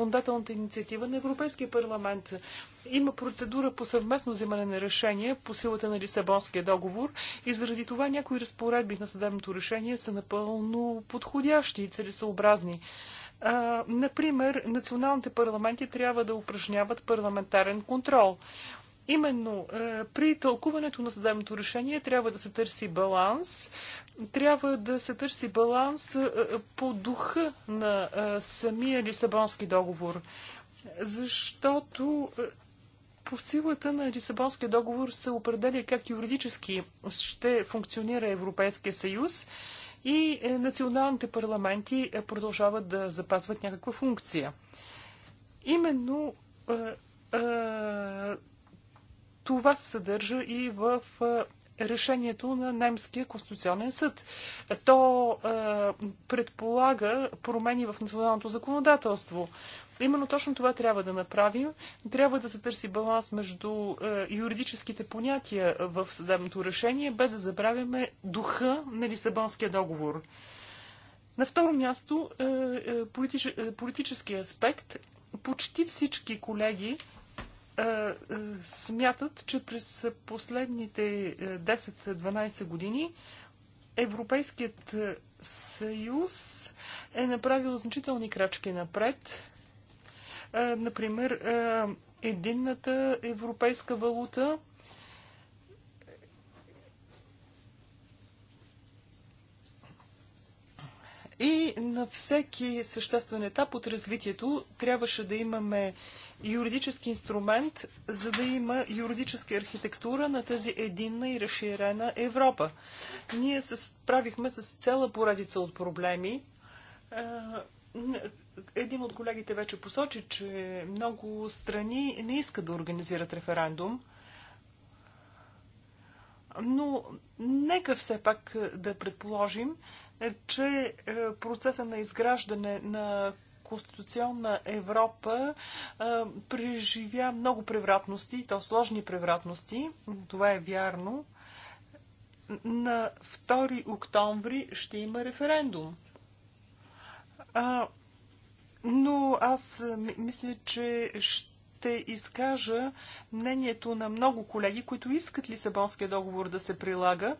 законодателната инициатива на Европейския парламент. Има процедура по съвместно взимане на решение по силата на Лисабонския договор и заради това някои разпоредби на съдебното решение са напълно подходящи и целесообразни. А, например, националните парламенти трябва да упражняват парламентарен контрол. Именно при тълкуването на съдебното решение трябва да се търси баланс трябва да се търси баланс е, е, по духа на е, самия Лисабонски договор, защото по силата на Лисабонския договор се определя как юридически ще функционира Европейския съюз и националните парламенти продължават да запазват някаква функция. Именно това се съдържа и в решението на Немския конституционен съд. То е, предполага промени в националното законодателство. Именно точно това трябва да направим. Трябва да се търси баланс между е, юридическите понятия в съдебното решение, без да забравяме духа на Лисабонския договор. На второ място, е, е, политич, е, политически аспект. Почти всички колеги смятат, че през последните 10-12 години Европейският съюз е направил значителни крачки напред. Например, единната европейска валута И на всеки съществен етап от развитието трябваше да имаме юридически инструмент, за да има юридическа архитектура на тази единна и разширена Европа. Ние се справихме с цяла поредица от проблеми. Е, един от колегите вече посочи, че много страни не искат да организират референдум. Но нека все пак да предположим, че е, процеса на изграждане на конституционна Европа преживя много превратности, то сложни превратности, това е вярно. На 2 октомври ще има референдум. но аз мисля, че ще изкажа мнението на много колеги, които искат Лисабонския договор да се прилага,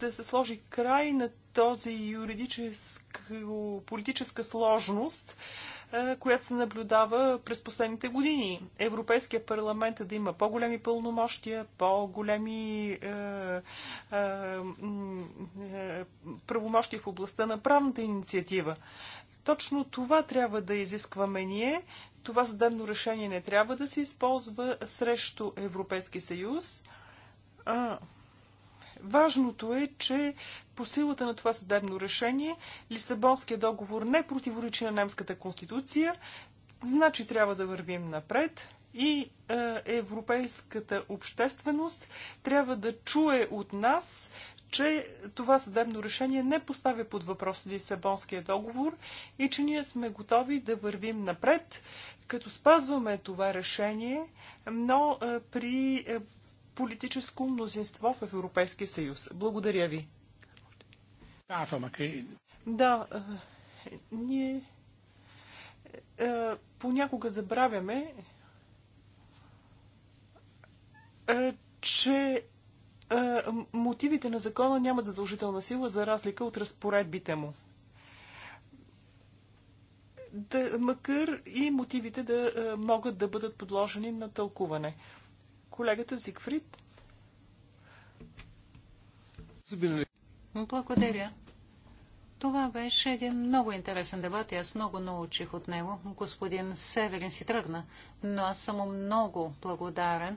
да се сложи край на този юридическо-политическа сложност, която се наблюдава през последните години. Европейския парламент е да има по-големи пълномощия, по-големи е, е, е, правомощия в областта на правната инициатива. Точно това трябва да изискваме ние. Това съдебно решение не трябва да се използва срещу Европейски съюз. А, Важното е, че по силата на това съдебно решение Лисабонския договор не противоречи на немската конституция, значи трябва да вървим напред и е, европейската общественост трябва да чуе от нас, че това съдебно решение не поставя под въпрос Лисабонския договор и че ние сме готови да вървим напред, като спазваме това решение, но е, при е, политическо мнозинство в Европейския съюз. Благодаря ви. Да, ние понякога забравяме, че мотивите на закона нямат задължителна сила за разлика от разпоредбите му. Да, макар и мотивите да могат да бъдат подложени на тълкуване. Колегата Зигфрид. Благодаря. Това беше един много интересен дебат и аз много научих от него. Господин Северин си тръгна, но аз съм много благодарен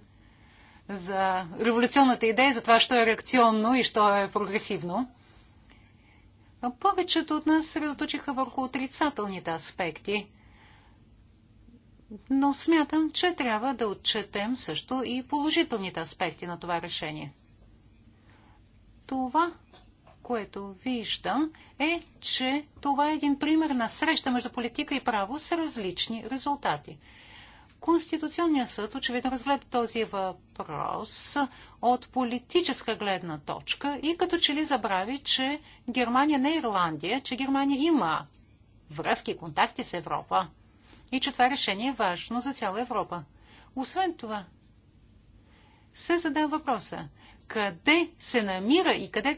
за революционната идея, за това, що е реакционно и що е прогресивно. Повечето от нас средоточиха върху отрицателните аспекти но смятам, че трябва да отчетем също и положителните аспекти на това решение. Това, което виждам, е, че това е един пример на среща между политика и право с различни резултати. Конституционният съд очевидно разгледа този въпрос от политическа гледна точка и като че ли забрави, че Германия не е Ирландия, че Германия има връзки и контакти с Европа и че това решение е важно за цяла Европа. Освен това, се задава въпроса, къде се намира и къде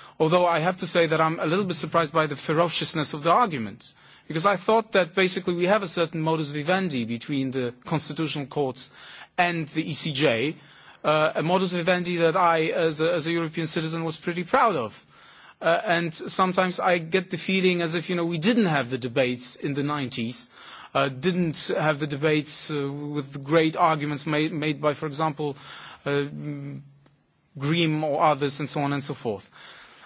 Although I have to say that I'm a little bit surprised by the ferociousness of the argument, because I thought that basically we have a certain modus vivendi between the constitutional courts and the ECJ, a modus vivendi that I, as a, as a European citizen, was pretty proud of. and sometimes I get the feeling as if, you know, we didn't have the debates in the 90s, uh, didn't have the debates with the great arguments made, made by, for example, Grimm or others and so on and so forth.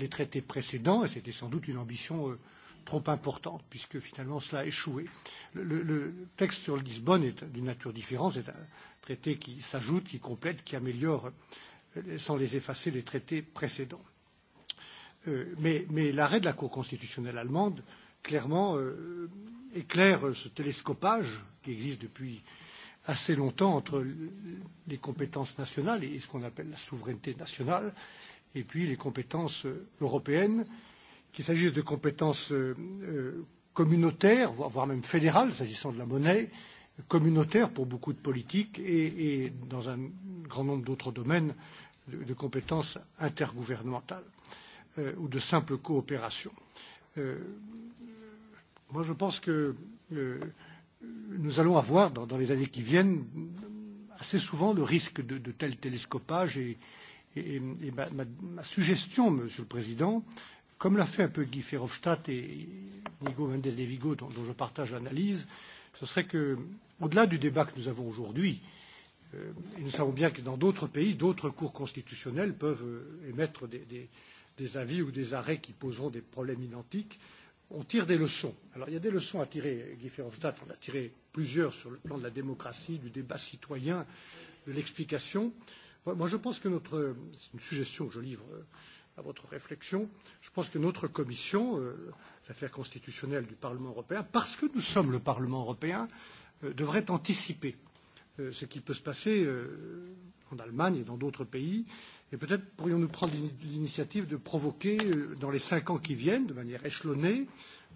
les traités précédents, et c'était sans doute une ambition trop importante, puisque finalement cela a échoué. Le, texte sur Lisbonne est d'une nature différente, c'est un traité qui s'ajoute, qui complète, qui améliore, sans les effacer, les traités précédents. mais l'arrêt de la Cour constitutionnelle allemande, clairement, éclaire ce télescopage qui existe depuis assez longtemps entre les compétences nationales et ce qu'on appelle la souveraineté nationale, euh, et puis les compétences européennes, qu'il s'agisse de compétences communautaires, voire même fédérales, s'agissant de la monnaie, communautaires pour beaucoup de politiques et, et dans un grand nombre d'autres domaines de, de compétences intergouvernementales euh, ou de simple coopération. Euh, moi, je pense que euh, nous allons avoir dans, dans les années qui viennent assez souvent le risque de, de tel télescopage et, Et, ma, suggestion, Monsieur le Président, comme l'a fait un peu Guy Verhofstadt et Nigo Mendel de Vigo, dont, je partage l'analyse, ce serait que, au-delà du débat que nous avons aujourd'hui, et nous savons bien que dans d'autres pays, d'autres cours constitutionnels peuvent émettre des, avis ou des arrêts qui poseront des problèmes identiques. On tire des leçons. Alors il y a des leçons à tirer. Guy Verhofstadt en a tiré plusieurs sur le plan de la démocratie, du débat citoyen, de l'explication. Euh, Moi, je pense que notre. C'est une suggestion que je livre à votre réflexion. Je pense que notre commission, euh, l'affaire constitutionnelle du Parlement européen, parce que nous sommes le Parlement européen, euh, devrait anticiper euh, ce qui peut se passer euh, en Allemagne et dans d'autres pays. Et peut-être pourrions-nous prendre l'initiative de provoquer, euh, dans les cinq ans qui viennent, de manière échelonnée,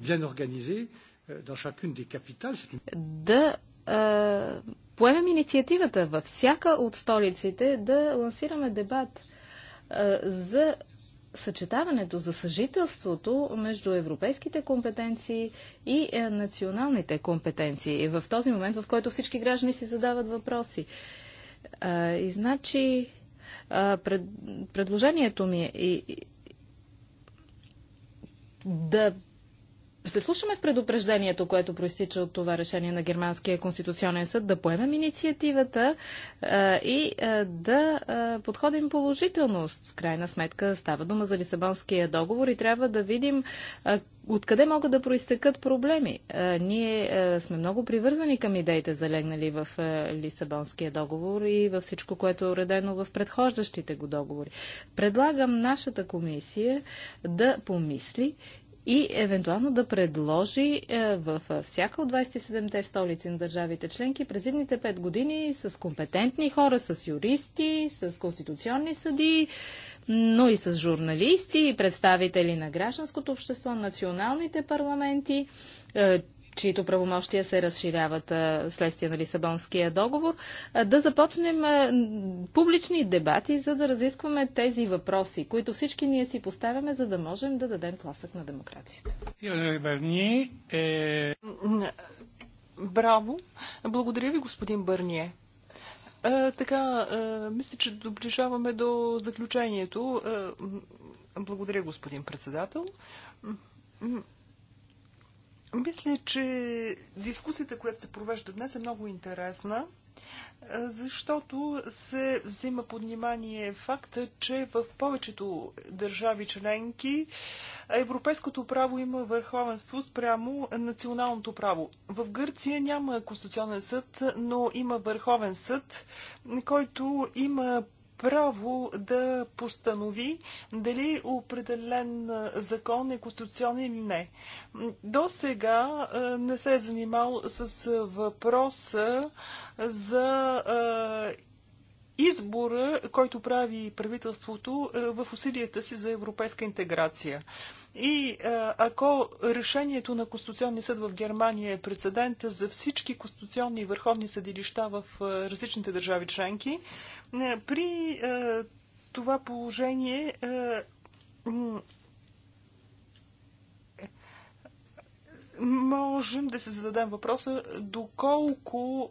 bien organisée, euh, dans chacune des capitales. C'est une... de... Е, поемем инициативата във всяка от столиците да лансираме дебат е, за съчетаването, за съжителството между европейските компетенции и е, националните компетенции. В този момент, в който всички граждани си задават въпроси. А, и значи, а, пред, предложението ми е и, и, да се слушаме в предупреждението, което проистича от това решение на Германския конституционен съд, да поемем инициативата а, е, и а, е, да а, е, подходим положително. В крайна сметка става дума за Лисабонския договор и трябва да видим а, откъде могат да проистекат проблеми. А, ние а, сме много привързани към идеите, залегнали в а, Лисабонския договор и във всичко, което е уредено в предхождащите го договори. Предлагам нашата комисия да помисли и евентуално да предложи е, в е, всяка от 27-те столици на държавите членки през едните 5 години с компетентни хора, с юристи, с конституционни съди, но и с журналисти и представители на гражданското общество, националните парламенти, е, чието правомощия се разширяват следствие на Лисабонския договор, да започнем публични дебати, за да разискваме тези въпроси, които всички ние си поставяме, за да можем да дадем тласък на демокрацията. Е- браво! Благодаря ви, господин Бърние. така, мисля, че доближаваме до заключението. благодаря, господин председател. Мисля, че дискусията, която се провежда днес е много интересна, защото се взима под внимание факта, че в повечето държави членки европейското право има върховенство спрямо националното право. В Гърция няма Конституционен съд, но има Върховен съд, който има право да постанови дали определен закон е конституционен или не. До сега не се е занимал с въпроса за избора, който прави правителството в усилията си за европейска интеграция. И ако решението на Конституционния съд в Германия е прецедента за всички конституционни и върховни съдилища в различните държави членки, е, при е, това положение е, можем да се зададем въпроса доколко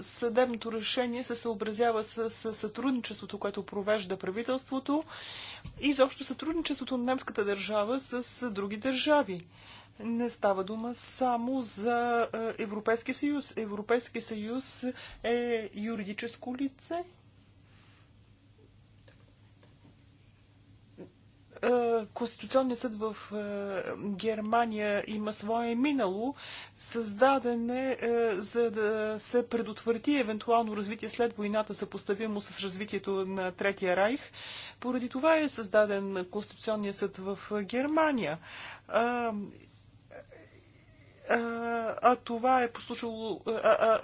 съдебното решение се съобразява с, с сътрудничеството, което провежда правителството и заобщо сътрудничеството на немската държава с, с други държави. Не става дума само за Европейския съюз. Европейския съюз е юридическо лице, Е, Конституционният съд в е, Германия има свое минало, създаден е, е за да се предотврати евентуално развитие след войната, съпоставимо с развитието на Третия райх. Поради това е създаден Конституционният съд в Германия а това е послушало, а,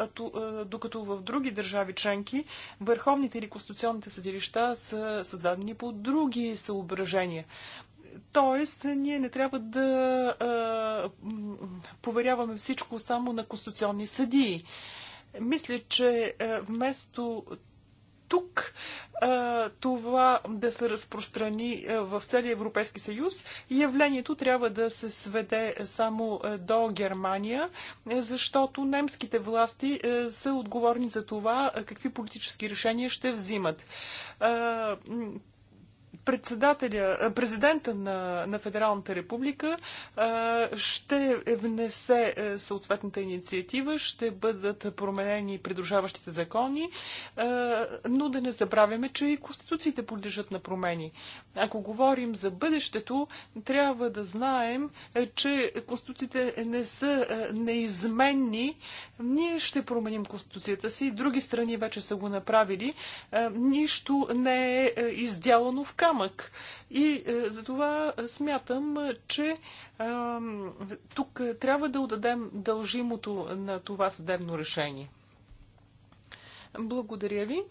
а, а, докато в други държави членки върховните или конституционните съдилища са създадени по други съображения. Тоест, ние не трябва да а, поверяваме всичко само на конституционни съдии. Мисля, че вместо тук това да се разпространи в целия Европейски съюз. Явлението трябва да се сведе само до Германия, защото немските власти са отговорни за това какви политически решения ще взимат председателя, президента на, на Федералната република ще внесе е, съответната инициатива, ще бъдат променени придружаващите закони, но да не забравяме, че и конституциите подлежат на промени. Ако говорим за бъдещето, трябва да знаем, е, че конституциите не са е, неизменни. Ние ще променим конституцията си, други страни вече са го направили. Нищо не е издялано в камера камък. И е, затова смятам, че е, тук трябва да отдадем дължимото на това съдебно решение. Благодаря ви.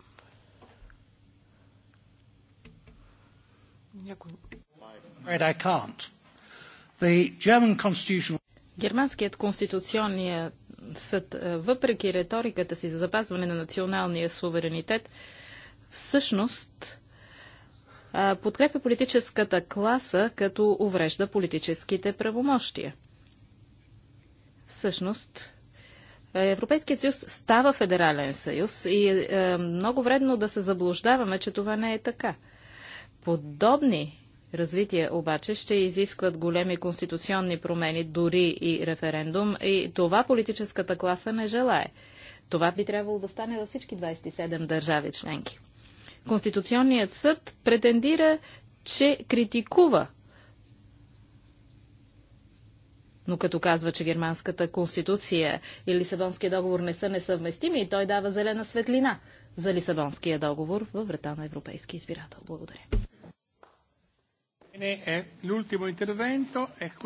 Някой. Германският конституционният съд, е, въпреки риториката си за запазване на националния суверенитет, всъщност подкрепя политическата класа, като уврежда политическите правомощия. Всъщност, е, Европейският съюз става федерален съюз и е много вредно да се заблуждаваме, че това не е така. Подобни развития обаче ще изискват големи конституционни промени, дори и референдум, и това политическата класа не желае. Това би трябвало да стане във всички 27 държави членки. Конституционният съд претендира, че критикува. Но като казва, че германската конституция и Лисабонския договор не са несъвместими, и той дава зелена светлина за Лисабонския договор във врата на европейски избирател. Благодаря. Е,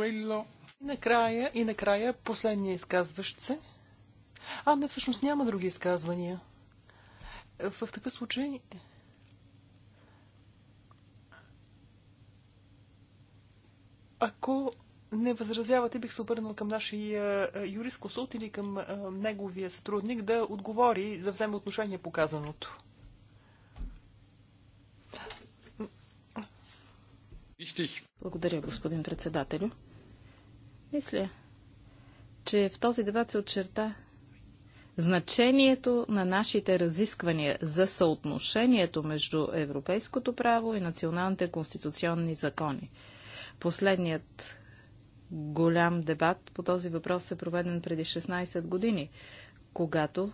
и накрая, и накрая последния изказващ се. А, не, всъщност няма други изказвания. В такъв случай Ако не възразявате, бих се обърнал към нашия е, юрисконсулт или към е, неговия сътрудник да отговори, да вземе отношение по казаното. Благодаря, господин председателю. Мисля, че в този дебат се очерта значението на нашите разисквания за съотношението между европейското право и националните конституционни закони. Последният голям дебат по този въпрос е проведен преди 16 години, когато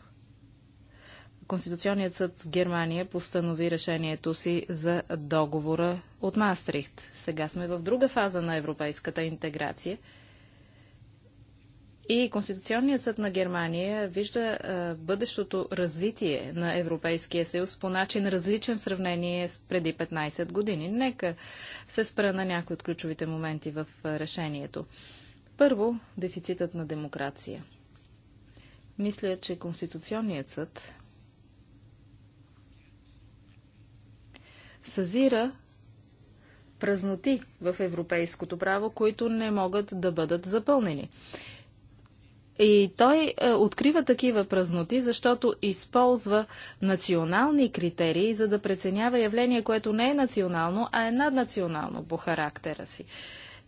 Конституционният съд в Германия постанови решението си за договора от Мастрихт. Сега сме в друга фаза на европейската интеграция – и Конституционният съд на Германия вижда а, бъдещото развитие на Европейския съюз по начин различен в сравнение с преди 15 години. Нека се спра на някои от ключовите моменти в решението. Първо, дефицитът на демокрация. Мисля, че Конституционният съд съзира празноти в европейското право, които не могат да бъдат запълнени. И той е, открива такива празноти, защото използва национални критерии, за да преценява явление, което не е национално, а е наднационално по характера си.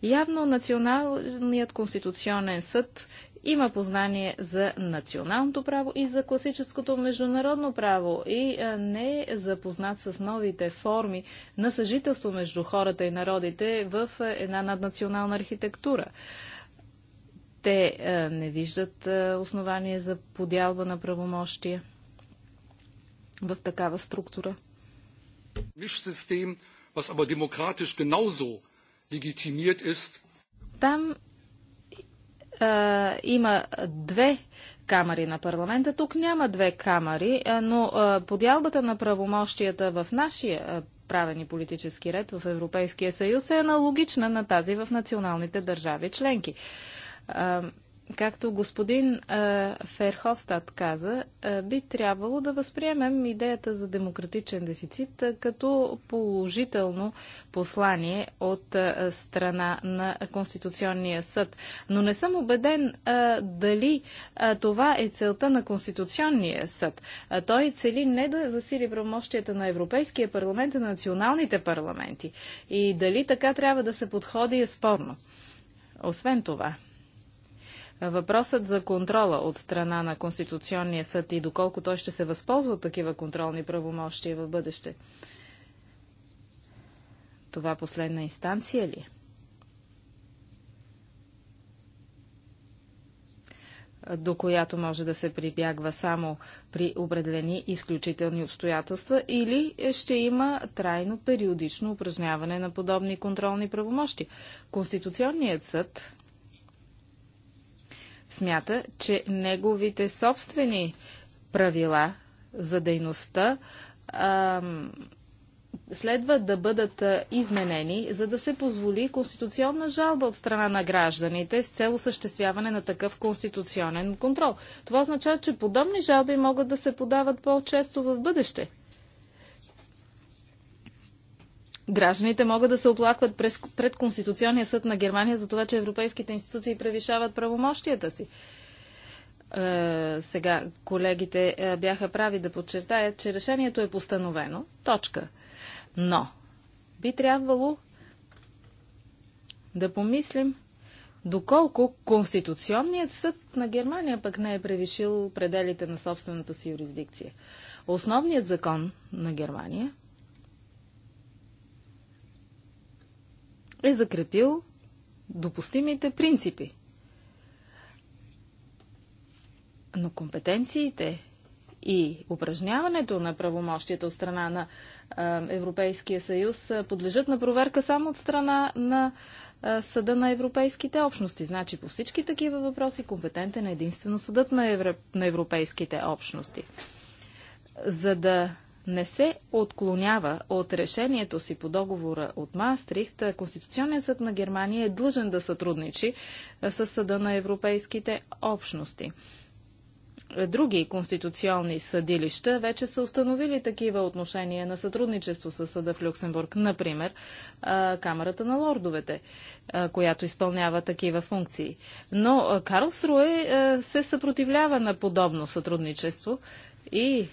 Явно Националният конституционен съд има познание за националното право и за класическото международно право и е, не е запознат с новите форми на съжителство между хората и народите в е, една наднационална архитектура. Те е, не виждат е, основание за подялба на правомощия в такава структура. Там а, е, има две камери на парламента. Тук няма две камери, но а, подялбата на правомощията в нашия правен и политически ред в Европейския съюз е аналогична на тази в националните държави членки. Както господин Ферховстад каза, би трябвало да възприемем идеята за демократичен дефицит като положително послание от страна на Конституционния съд. Но не съм убеден дали това е целта на Конституционния съд. Той цели не да засили правомощията на Европейския парламент, а на националните парламенти. И дали така трябва да се подходи е спорно. Освен това, Въпросът за контрола от страна на Конституционния съд и доколко той ще се възползва от такива контролни правомощия в бъдеще. Това последна инстанция ли? Е? до която може да се прибягва само при определени изключителни обстоятелства или ще има трайно периодично упражняване на подобни контролни правомощи. Конституционният съд смята, че неговите собствени правила за дейността а, следва да бъдат изменени, за да се позволи конституционна жалба от страна на гражданите с цел осъществяване на такъв конституционен контрол. Това означава, че подобни жалби могат да се подават по-често в бъдеще. Гражданите могат да се оплакват през, пред Конституционния съд на Германия за това, че европейските институции превишават правомощията си. Е, сега колегите е, бяха прави да подчертаят, че решението е постановено. Точка. Но би трябвало да помислим доколко Конституционният съд на Германия пък не е превишил пределите на собствената си юрисдикция. Основният закон на Германия е закрепил допустимите принципи. Но компетенциите и упражняването на правомощията от страна на Европейския съюз подлежат на проверка само от страна на Съда на Европейските общности. Значи по всички такива въпроси компетентен е единствено Съдът на, Евро... на Европейските общности. За да не се отклонява от решението си по договора от Маастрихт, Конституционният съд на Германия е длъжен да сътрудничи с съда на европейските общности. Други конституционни съдилища вече са установили такива отношения на сътрудничество с съда в Люксембург, например Камерата на лордовете, която изпълнява такива функции. Но Карлсруе се съпротивлява на подобно сътрудничество и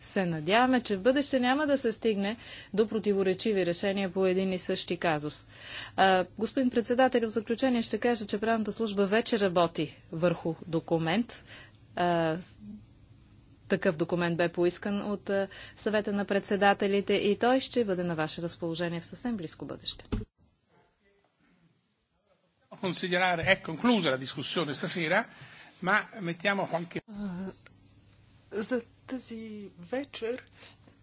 се надяваме, че в бъдеще няма да се стигне до противоречиви решения по един и същи казус. А, господин председател, в заключение ще кажа, че правната служба вече работи върху документ. А, такъв документ бе поискан от а, съвета на председателите и той ще бъде на ваше разположение в съвсем близко бъдеще. Considerare è conclusa la discussione stasera, ma mettiamo anche. За тази вечер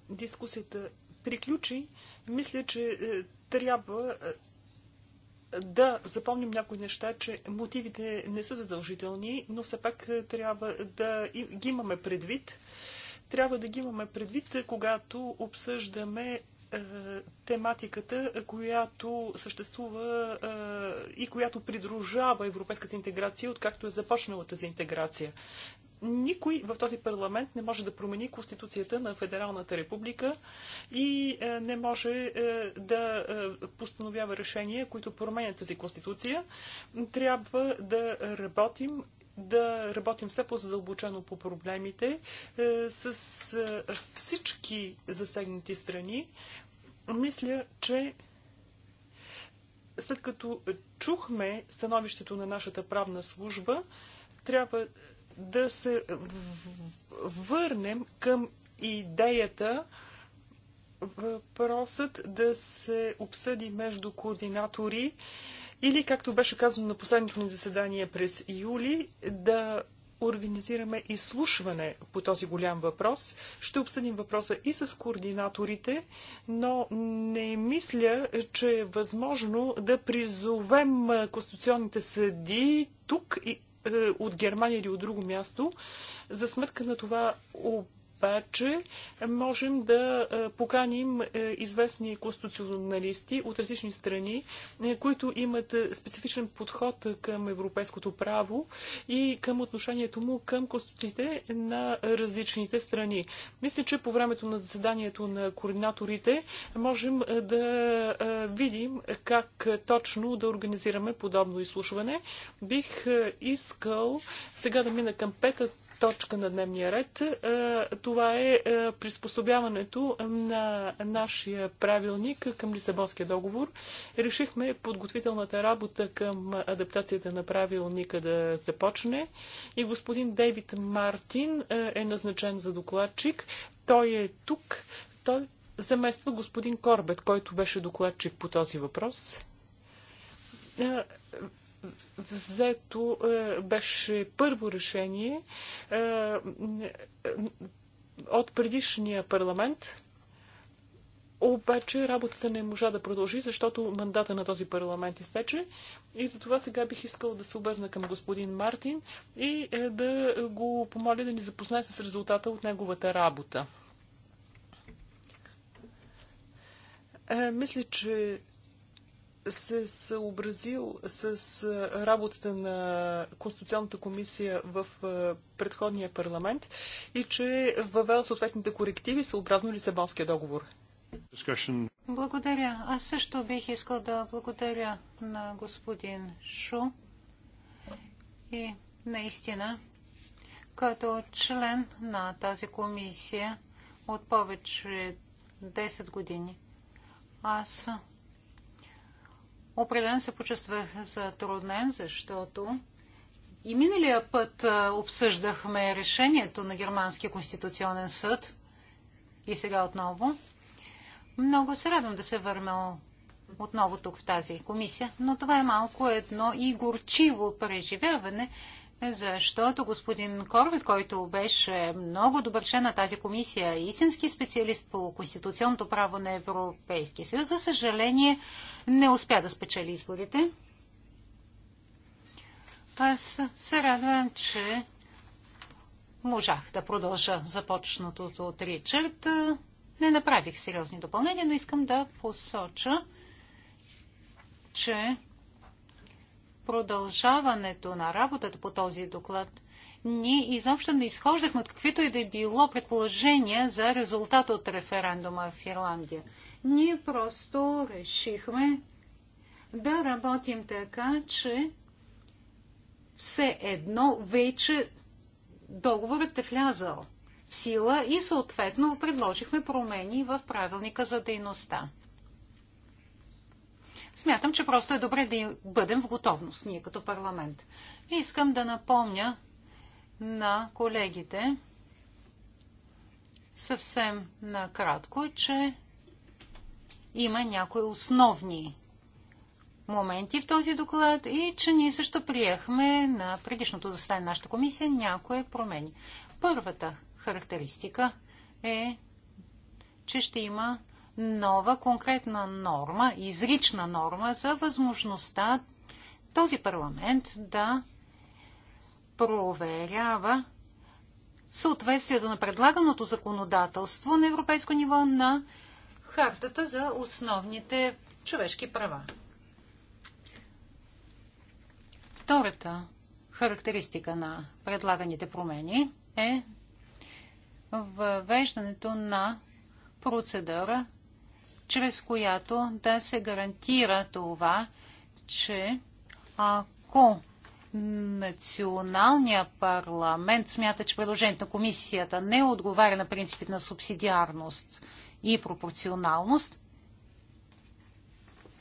дискусията приключи. Мисля, че е, трябва е, да запомним някои неща, че мотивите не са задължителни, но все пак е, трябва да ги имаме предвид. Трябва да ги имаме предвид, когато обсъждаме тематиката, която съществува и която придружава европейската интеграция, откакто е започнала тази интеграция никой в този парламент не може да промени Конституцията на Федералната република и е, не може е, да е, постановява решения, които променят тази Конституция. Трябва да работим да работим все по-задълбочено по проблемите с всички засегнати страни. Мисля, че след като чухме становището на нашата правна служба, трябва да се върнем към идеята въпросът да се обсъди между координатори или, както беше казано на последното ни заседание през юли, да организираме изслушване по този голям въпрос. Ще обсъдим въпроса и с координаторите, но не мисля, че е възможно да призовем конституционните съди тук и е, от Германия или от друго място. За сметка на това обаче можем да е, поканим е, известни конституционалисти от различни страни, е, които имат специфичен подход към европейското право и към отношението му към конституциите на различните страни. Мисля, че по времето на заседанието на координаторите можем да видим как точно да организираме подобно изслушване. Бих искал сега да мина към петата точка на дневния ред. Е, това е, е приспособяването на нашия правилник към Лисабонския договор. Решихме подготвителната работа към адаптацията на правилника да започне и господин Дейвид Мартин е, е назначен за докладчик. Той е тук. Той замества господин Корбет, който беше докладчик по този въпрос взето е, беше първо решение е, от предишния парламент. Обаче работата не можа да продължи, защото мандата на този парламент изтече. И затова сега бих искал да се обърна към господин Мартин и е, да го помоля да ни запознае с резултата от неговата работа. Мисля, че се съобразил с работата на Конституционната комисия в предходния парламент и че въвел съответните корективи съобразно Лисабонския договор. Благодаря. Аз също бих искал да благодаря на господин Шу и наистина като член на тази комисия от повече 10 години. Аз определено се почувствах затруднен, защото и миналия път обсъждахме решението на Германския конституционен съд и сега отново. Много се радвам да се върна отново тук в тази комисия, но това е малко едно и горчиво преживяване, защото господин Корвит, който беше много добър член на тази комисия, истински специалист по конституционното право на Европейския съюз, за съжаление не успя да спечели изборите. Аз се радвам, че можах да продължа започнатото от Ричард. Не направих сериозни допълнения, но искам да посоча, че продължаването на работата по този доклад, ние изобщо не изхождахме от каквито и да е било предположения за резултат от референдума в Ирландия. Ние просто решихме да работим така, че все едно вече договорът е влязал в сила и съответно предложихме промени в правилника за дейността. Смятам, че просто е добре да бъдем в готовност ние като парламент. И искам да напомня на колегите съвсем накратко, че има някои основни моменти в този доклад и че ние също приехме на предишното заседание на нашата комисия някои промени. Първата характеристика е, че ще има нова конкретна норма, изрична норма за възможността този парламент да проверява съответствието на предлаганото законодателство на европейско ниво на Хартата за основните човешки права. Втората характеристика на предлаганите промени е въвеждането на процедура чрез която да се гарантира това, че ако националния парламент смята, че предложението на комисията не отговаря на принципите на субсидиарност и пропорционалност,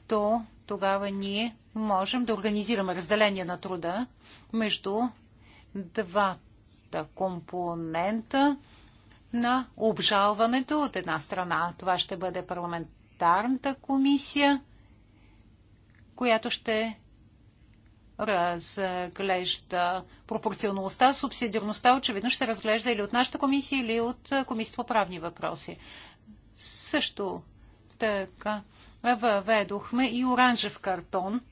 то тогава ние можем да организираме разделение на труда между двата компонента на обжалването от една страна. Това ще бъде парламент, парламентарната комисия, която ще разглежда пропорционалността, субсидиарността, очевидно ще се разглежда или от нашата комисия, или от Комисията по правни въпроси. Също така въведохме и оранжев картон –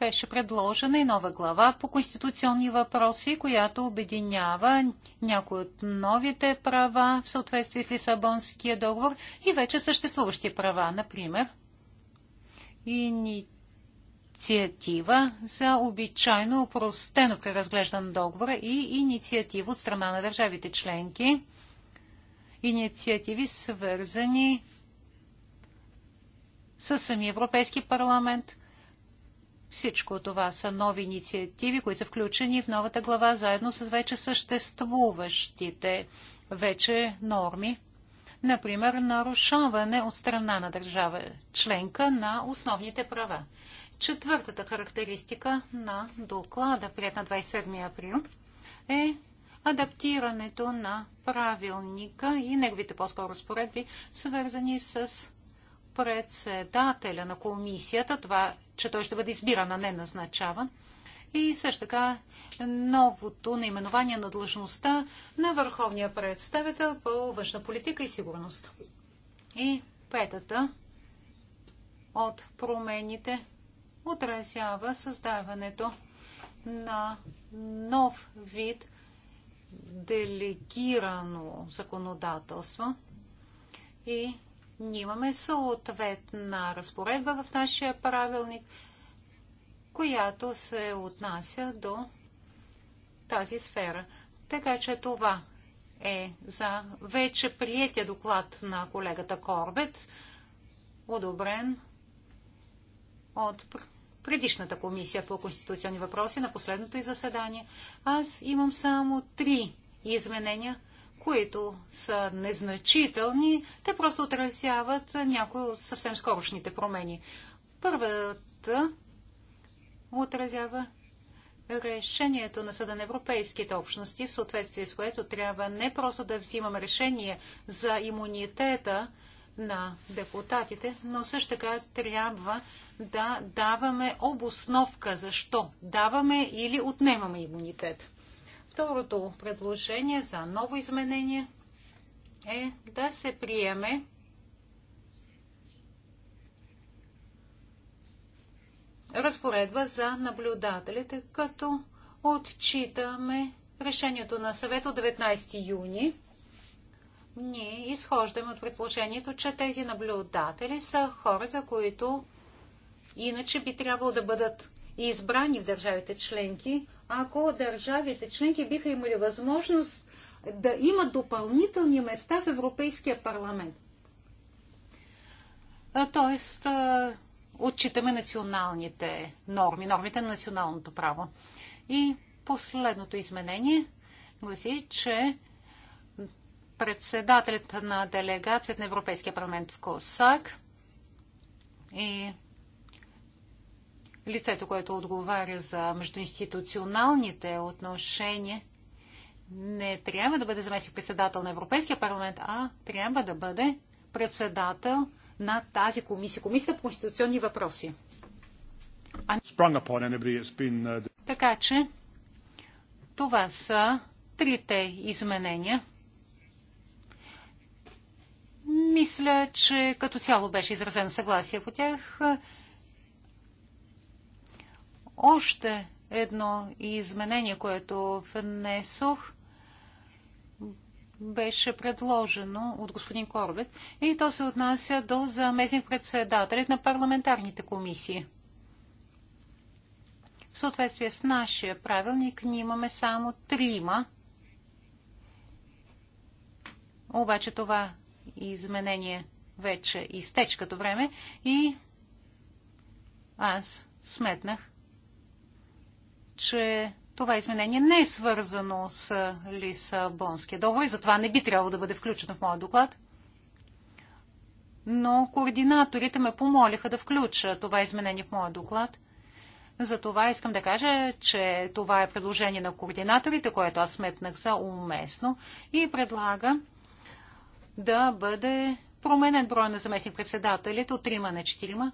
беше предложена и нова глава по конституционни въпроси, която обединява някои от новите права в съответствие с Лисабонския договор и вече съществуващи права, например инициатива за обичайно упростено преразглеждане на договора и инициатива от страна на държавите членки, инициативи свързани с самия Европейски парламент – всичко това са нови инициативи, които са включени в новата глава, заедно с вече съществуващите вече норми. Например, нарушаване от страна на държава членка на основните права. Четвъртата характеристика на доклада, прият на 27 април, е адаптирането на правилника и неговите по-скоро разпоредби, свързани с председателя на комисията. Това че той ще бъде избиран, а не назначаван. И също така новото наименование на длъжността на върховния представител по външна политика и сигурност. И петата от промените отразява създаването на нов вид делегирано законодателство и ние имаме съответна разпоредба в нашия правилник, която се отнася до тази сфера. Така че това е за вече приятия доклад на колегата Корбет, одобрен от предишната комисия по конституционни въпроси на последното и заседание. Аз имам само три изменения – които са незначителни, те просто отразяват някои от съвсем скорошните промени. Първата отразява решението на Съда на Европейските общности, в съответствие с което трябва не просто да взимаме решение за имунитета на депутатите, но също така трябва да даваме обосновка защо даваме или отнемаме имунитет. Второто предложение за ново изменение е да се приеме разпоредба за наблюдателите, като отчитаме решението на съвет от 19 юни. Ние изхождаме от предположението, че тези наблюдатели са хората, които иначе би трябвало да бъдат избрани в държавите членки ако държавите членки биха имали възможност да имат допълнителни места в Европейския парламент. Тоест, отчитаме националните норми, нормите на националното право. И последното изменение гласи, че председателят на делегацията на Европейския парламент в КОСАК и лицето, което отговаря за междуинституционалните отношения, не трябва да бъде заместник председател на Европейския парламент, а трябва да бъде председател на тази комисия. Комисията по конституционни въпроси. А... Been... Uh, така че това са трите изменения. Мисля, че като цяло беше изразено съгласие по тях още едно изменение, което внесох, беше предложено от господин Корбет и то се отнася до заместник председателят на парламентарните комисии. В съответствие с нашия правилник ние имаме само трима. Обаче това изменение вече изтече като време и аз сметнах, че това изменение не е свързано с Лисабонския договор и затова не би трябвало да бъде включено в моя доклад. Но координаторите ме помолиха да включа това изменение в моя доклад. Затова искам да кажа, че това е предложение на координаторите, което аз сметнах за уместно и предлага да бъде променен брой на заместник-председателите от 3 на 4.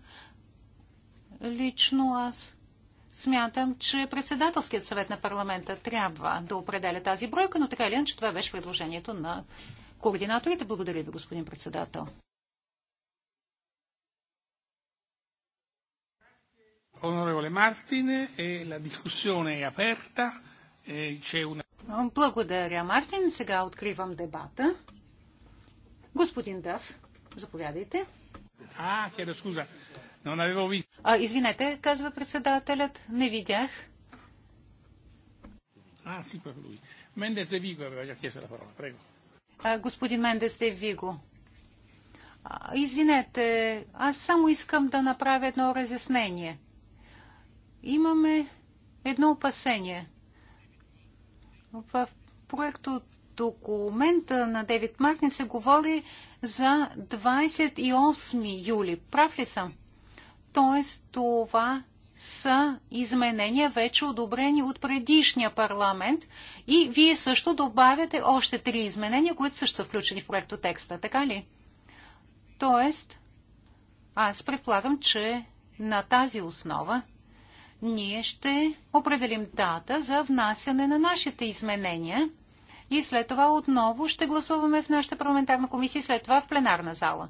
Лично аз Смятам, че председателският съвет на парламента трябва да определя тази бройка, но така или иначе това беше предложението на координаторите. Благодаря ви, господин председател. E e Благодаря, Мартин. Сега откривам дебата. Господин Дъв, заповядайте. А, хера, скуза. А, извинете, казва председателят, не видях. А, си пък Мендес де Виго, aveva chiesto la parola, Господин Мендес де Виго. Извинете, аз само искам да направя едно разяснение. Имаме едно опасение. В проекто документа на Девид Мартин се говори за 28 юли. Прав ли съм? Тоест, това са изменения вече одобрени от предишния парламент и вие също добавяте още три изменения, които също са включени в проекто текста, така ли? Тоест, аз предполагам, че на тази основа ние ще определим дата за внасяне на нашите изменения и след това отново ще гласуваме в нашата парламентарна комисия, след това в пленарна зала.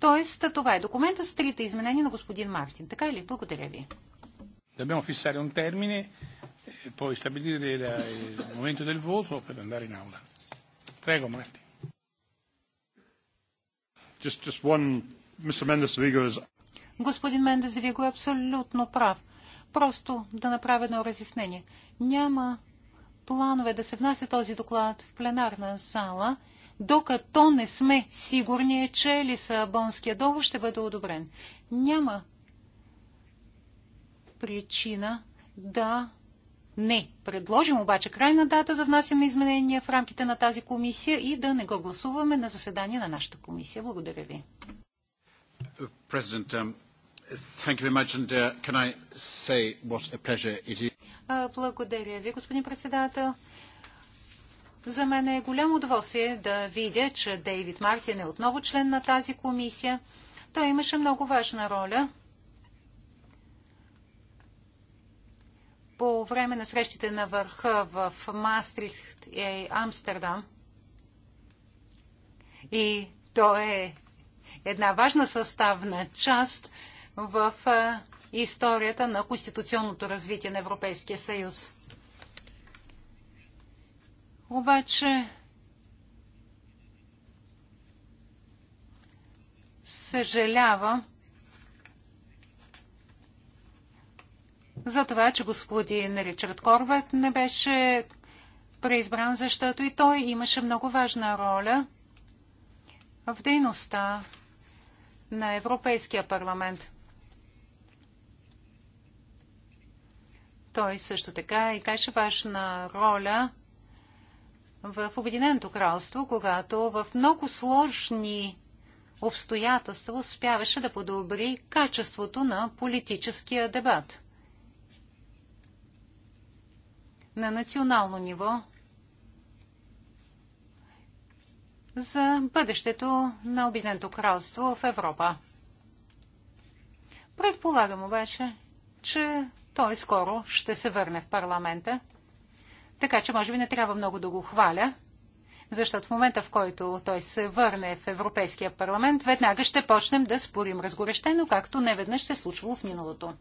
Тоест, това е документа с трите изменения на господин Мартин. Така ли? Благодаря ви. Dobbiamo fissare un termine e poi stabilire il momento del voto per andare in аула. Прего, Мартин. Just, just one, Mr. Mendes de Vigo is... Господин Мендес де Виго е абсолютно прав. Просто да направя едно разяснение. Няма планове да се внася този доклад в пленарна зала – докато не сме сигурни, че Лисабонския договор ще бъде одобрен. Няма причина да не предложим обаче крайна дата за внасяне на изменения в рамките на тази комисия и да не го гласуваме на заседание на нашата комисия. Благодаря ви. Um, uh, благодаря ви, господин председател. За мен е голямо удоволствие да видя, че Дейвид Мартин е отново член на тази комисия. Той имаше много важна роля по време на срещите на върха в Мастрихт и Амстердам. И то е една важна съставна част в историята на конституционното развитие на Европейския съюз. Обаче съжалява за това, че господин Ричард Корбет не беше преизбран, защото и той имаше много важна роля в дейността на Европейския парламент. Той също така играше важна роля – в Обединеното кралство, когато в много сложни обстоятелства успяваше да подобри качеството на политическия дебат. На национално ниво за бъдещето на Обединеното кралство в Европа. Предполагам обаче, че той скоро ще се върне в парламента. Така че може би не трябва много да го хваля, защото в момента, в който той се върне в Европейския парламент, веднага ще почнем да спорим разгорещено, както неведнъж се е случвало в миналото.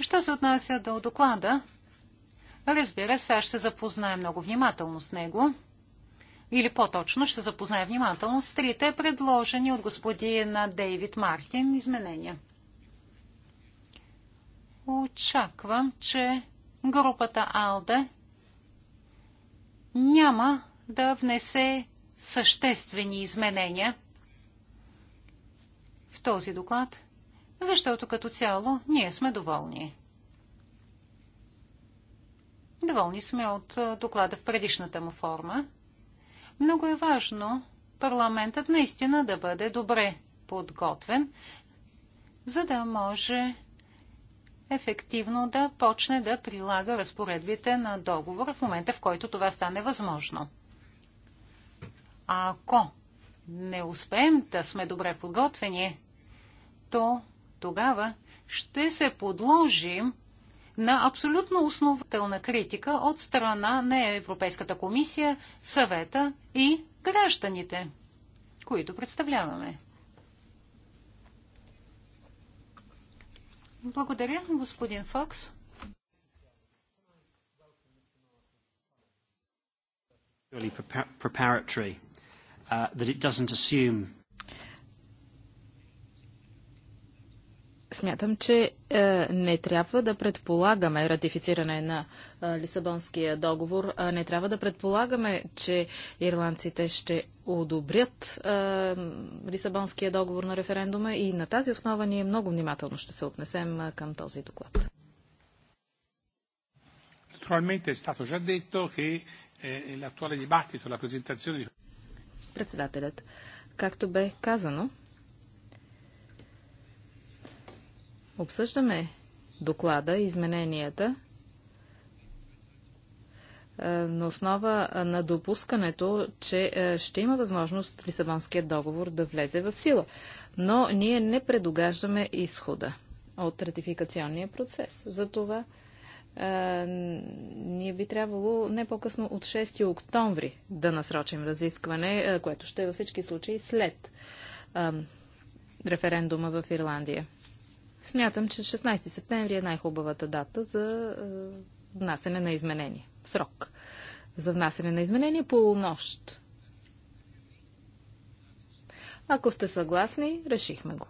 Що се отнася до доклада, разбира се, аз ще запозная много внимателно с него. Или по-точно ще запозная внимателно с трите предложени от господин Дейвид Мартин изменения очаквам, че групата АЛДЕ няма да внесе съществени изменения в този доклад, защото като цяло ние сме доволни. Доволни сме от доклада в предишната му форма. Много е важно парламентът наистина да бъде добре подготвен, за да може ефективно да почне да прилага разпоредбите на договора в момента, в който това стане възможно. А ако не успеем да сме добре подготвени, то тогава ще се подложим на абсолютно основателна критика от страна на Европейската комисия, съвета и гражданите, които представляваме. Благодаря, господин Фокс. preparatory, uh, that it doesn't assume Смятам, че е, не трябва да предполагаме ратифициране на е, Лисабонския договор. Е, не трябва да предполагаме, че ирландците ще одобрят е, Лисабонския договор на референдума и на тази основа ние много внимателно ще се отнесем е, към този доклад. Е, е, Председателят, както бе казано, Обсъждаме доклада, измененията е, на основа е, на допускането, че е, ще има възможност Лисабонският договор да влезе в сила. Но ние не предугаждаме изхода от ратификационния процес. Затова ние би трябвало не по-късно от 6 октомври да насрочим разискване, което ще е във всички случаи след референдума в Ирландия. Смятам, че 16 септември е най-хубавата дата за е, внасене на изменения. Срок за внасене на изменения полунощ. Ако сте съгласни, решихме го.